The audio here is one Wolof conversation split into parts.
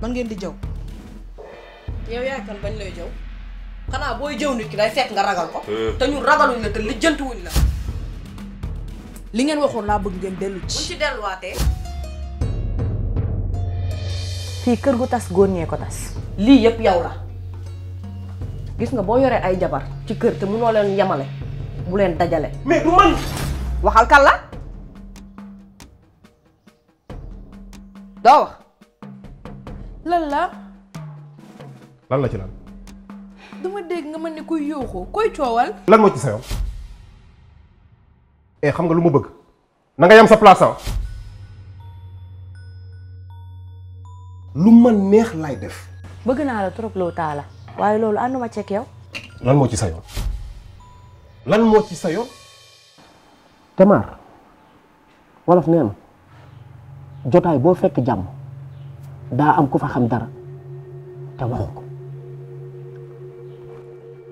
man ngeen di jaw yow yaay kan bañ lay jaw xanaa booy jëw nit ki day fekk nga ragal ko euh. te ñu ragaluñ la te lijjantiwuñ la li ngeen waxoon laa bëgg ngeen dellu ci buñ ci delluwaatee fii kër gu tas góor ñee ko tas lii yëpp yow la gis nga boo yoree ay jabar ci kër te mënoo leen yemale mu leen dajale mais du man waxal kan la doo wax lan la. lan la ci lan. dama dégg nga mën ni kuy yuuxu koy coowal. lan moo ci sa yoon. eh xam nga lu mu bëgg. nanga yam sa place ah. lu ma neex laay def. bëgg naa la trop loo taala waaye loolu ànduma ceeg lan moo ci sa yoon. lan moo ci sa yoon. Tamar wolof nee jotaay boo fekk jàmm. daa am ko fa xam dara te waxu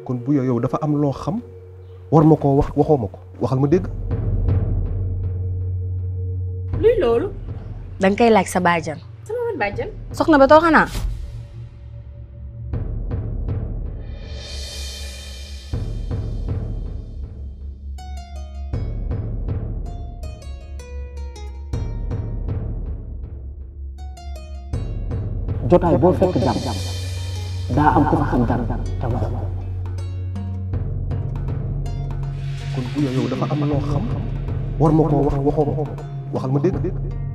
kon bu yow dafa am loo xam war ma koo wax waxoo ma ko waxal ma dégg luy loolu danga koy laaj sa baajan sama man baajan soxna ba too xanaa jotaay boo fekk jàmm daa am ku fa xam dara te wax ko kon bu yow dafa am xam war ma ko wax waxoo ma waxal ma dégg